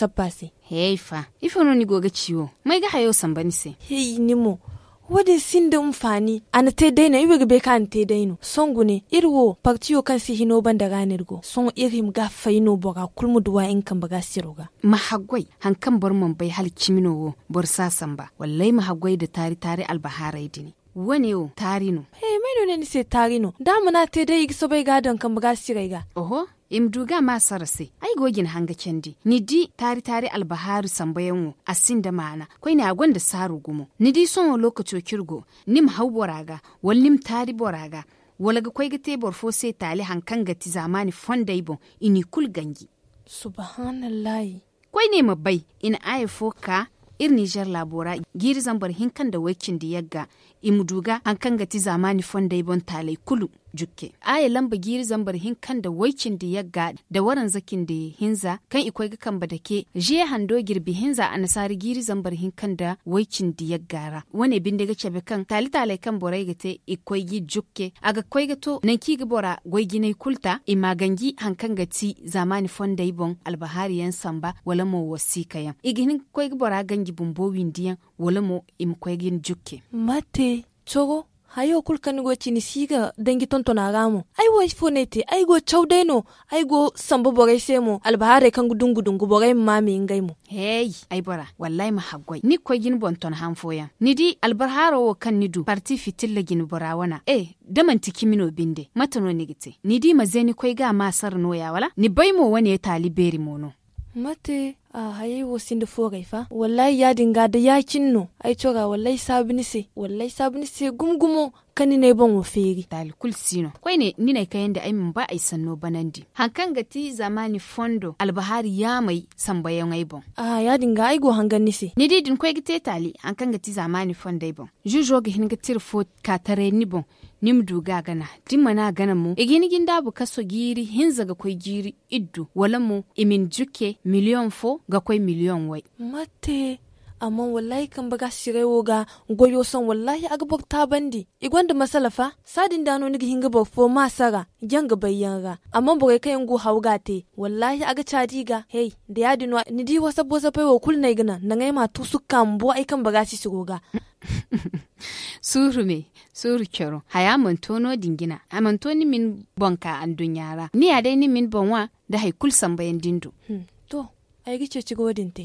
Speaker 17: hey fa ifono ni goga mai ga hayo samba ni se hey nimo
Speaker 9: wode sinde umfani ana te daina iwege be ka ana te daino songune irwo partiyo kan si hino banda ganirgo Song
Speaker 17: irim ga faino boga kulmu duwa in kan baga siroga mahagwai kan bar man bai hal kimino wo bor de wallahi da tari tari Albaharaidini. dini wani tarino hey eh, mai ne ni se tarino da mana te dai kan baga oho imduga ma sarase ai gogin hanga kendi nidi tari tari albaharu sambayanwo da mana koi ne agonda saru gumo nidi son lokaci kirgo nim hau boraga wal nim tari boraga walaga koi ga tebor fo sai tali hankan ti zamani fondaibo ini kul gangi
Speaker 9: subhanallahi
Speaker 17: koi ne mabai in ayi foka ka ir Nijar labora giri zambar hinkan da wakin da yagga imduga hankan ti zamani fondai bon talai kulu jukke Aya lamba giri zambar hin kan da waikin da ya ga da waran zakin da hinza kan ikwai kan ba ke. je hando girbi hinza a nasari giri zambar hin kan da waikin da ya gara wane bin daga cebe kan tali tali kan borai ga te ikwai gi jukke aga kwai ga to nan ki bora gwai ginai kulta imagangi hankan ga ti zamani fonda ibon albahari yan samba wala mo wasi kayan. iginin kwai ga bora gangi bumbo windiyan wala mo im kwai gin jukke mate chogo ayo
Speaker 9: kulka nigo chini siga dangi tonto na gamo ai wo fonete ai go chawdaino
Speaker 17: sambo go sambo mo. albahare kan gudungu dungu bogai mami ngai mu hey ai bora wallahi ma haggoi ni ko gin bonton hanfoya ni di wo kan nidu parti fitilla gin bora wana eh daman tiki mino binde matano nigite ni di mazeni koi ga masar y'a wala ni baimo wani ya taliberi mono
Speaker 9: mate a ah, hayi wosin da fogai fa wallahi ya dinga da yakin no ai ga wallahi sabini se wallahi sabini se gumgumo kani
Speaker 17: ne ban wa feri dal kul sino kwai ne ni ne kayan da aimin ba ai sanno banandi hankan ga ti zamani fondo albahari ya mai sambayan ai bon a ah, ya dinga ai go hangan ni se ni didin kwai gite tali hankan ga ti zamani fondo ai bon jujo ga hin ga fo ka tare ni bon nimdu gagana dimana gana mu iginigin da bu kaso giri hinza ga koi giri iddu wala mu imin juke miliyon fo ga miliyon wai mate
Speaker 9: amma wallahi kan baga sire woga goyo son wallahi aga bokta bandi igwanda masala fa sadin dano ni hinga bo fo masara janga bayyanga amma boga kayan go hauga te wallahi aga ga hey da ya dinwa ni di wasa bosa pe wo kul na na ngai ma tu
Speaker 17: sukkan bo ai kan baga si sugoga suru me suru kyoro haya mantono dingina a mantoni min bonka an dunyara ni ya dai ni min bonwa da haikul sambayan dindu hmm. ai gice ci godin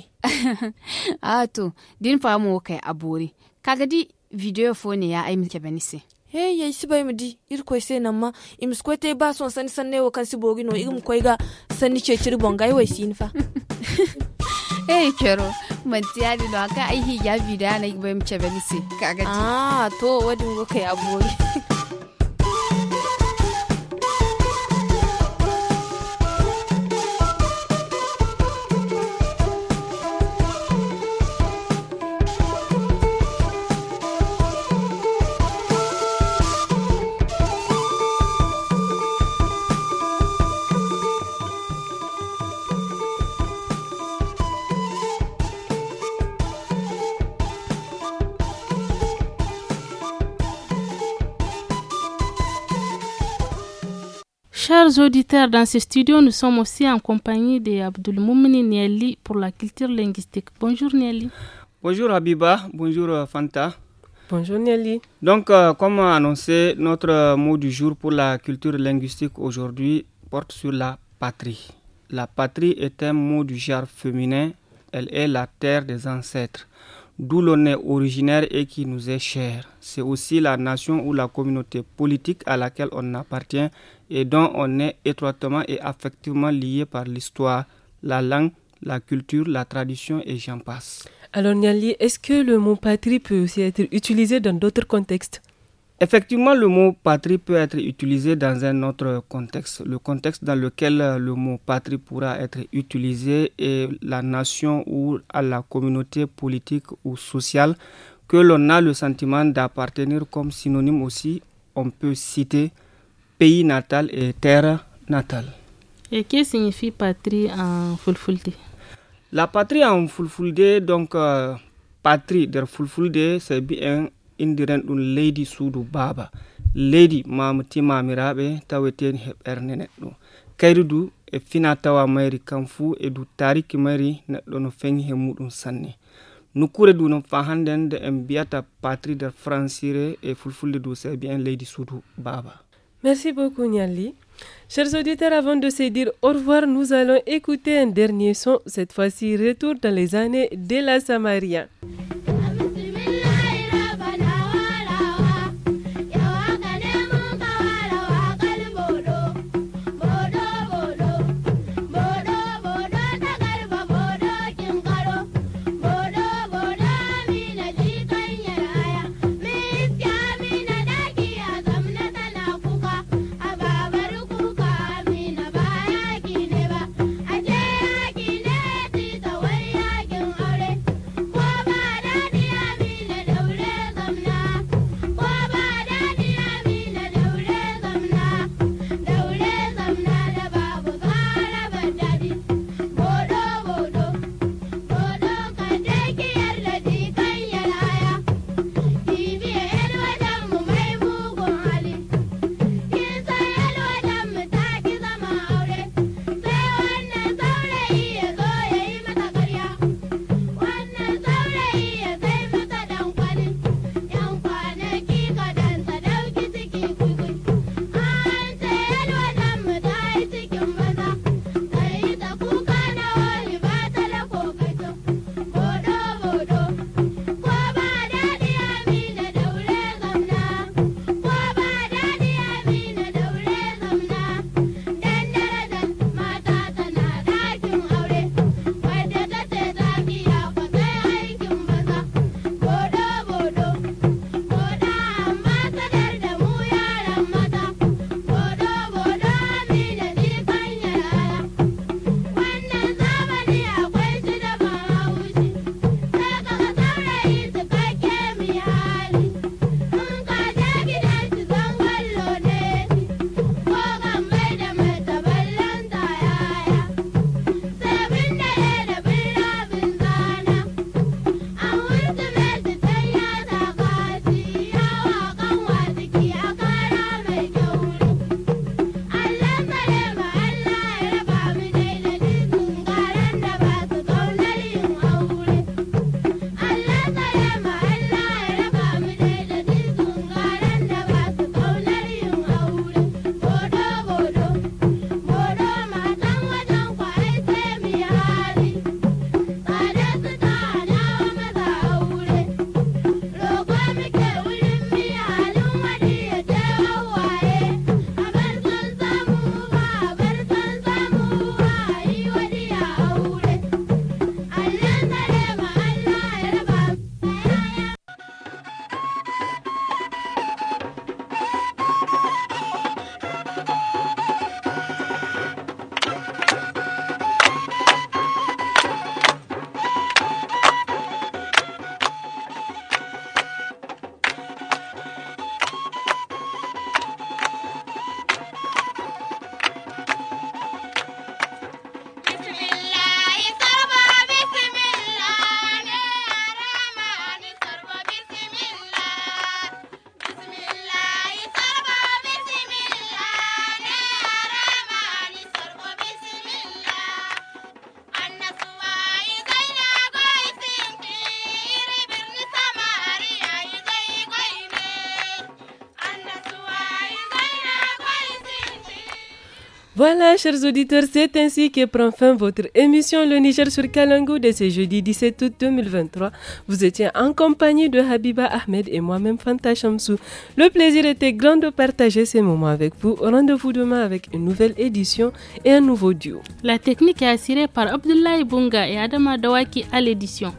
Speaker 17: ah, to din famu kai abori kaga di video phone ya ai mike benise he
Speaker 9: ya isi bai mu di irko sai nan ma im ba son san san ne wa kan si bori no irim koi ga san ni bongai wai sin fa eh kero mantiya di
Speaker 17: no aka ai hi ya video na ibai mike benise kaga ah to wadin go kai abori
Speaker 2: auditeurs, dans ce studio, nous sommes aussi en compagnie Abdul Moumini Nieli pour la culture linguistique. Bonjour Nieli.
Speaker 18: Bonjour Habiba, bonjour euh, Fanta. Bonjour Nieli. Donc, euh, comme annoncé, notre euh, mot du jour pour la culture linguistique aujourd'hui porte sur la patrie. La patrie est un mot du genre féminin. Elle est la terre des ancêtres d'où l'on est originaire et qui nous est cher. C'est aussi la nation ou la communauté politique à laquelle on appartient et dont on est étroitement et affectivement lié par l'histoire, la langue, la culture, la tradition et j'en passe.
Speaker 1: Alors Niali, est-ce que le mot patrie peut aussi être utilisé dans d'autres contextes
Speaker 18: Effectivement, le mot patrie peut être utilisé dans un autre contexte, le contexte dans lequel euh, le mot patrie pourra être utilisé est la nation ou à la communauté politique ou sociale que l'on a le sentiment d'appartenir comme synonyme aussi, on peut citer pays natal et terre natale.
Speaker 2: Et que signifie patrie en Fulfulde
Speaker 18: La patrie en Fulfulde, donc euh, patrie de Fulfulde, c'est bien indiren ɗum leydi suudu baaba leydi mamuti mamiraɓe taweten he ɓernde neɗɗo kayri du e fina tawa mayri kan fuu e du tariki mayri neɗɗo no feŋi he muɗum sanne nokkure du non fa hannden nde en mbiyata patri de francire e fulfulde du seebi en leydi suudu baaba
Speaker 1: merci beaucoup ñalli Chers auditeurs, avant de se dire au revoir, nous allons écouter un dernier son, cette fois-ci retour dans les années de la Samaria. Voilà, chers auditeurs, c'est ainsi que prend fin votre émission Le Niger sur Kalango de ce jeudi 17 août 2023. Vous étiez en compagnie de Habiba Ahmed et moi-même Fanta Chamsou. Le plaisir était grand de partager ces moments avec vous. Rendez-vous demain avec une nouvelle édition et un nouveau duo.
Speaker 2: La technique est assurée par Abdoulaye Bunga et Adama Dawaki à l'édition.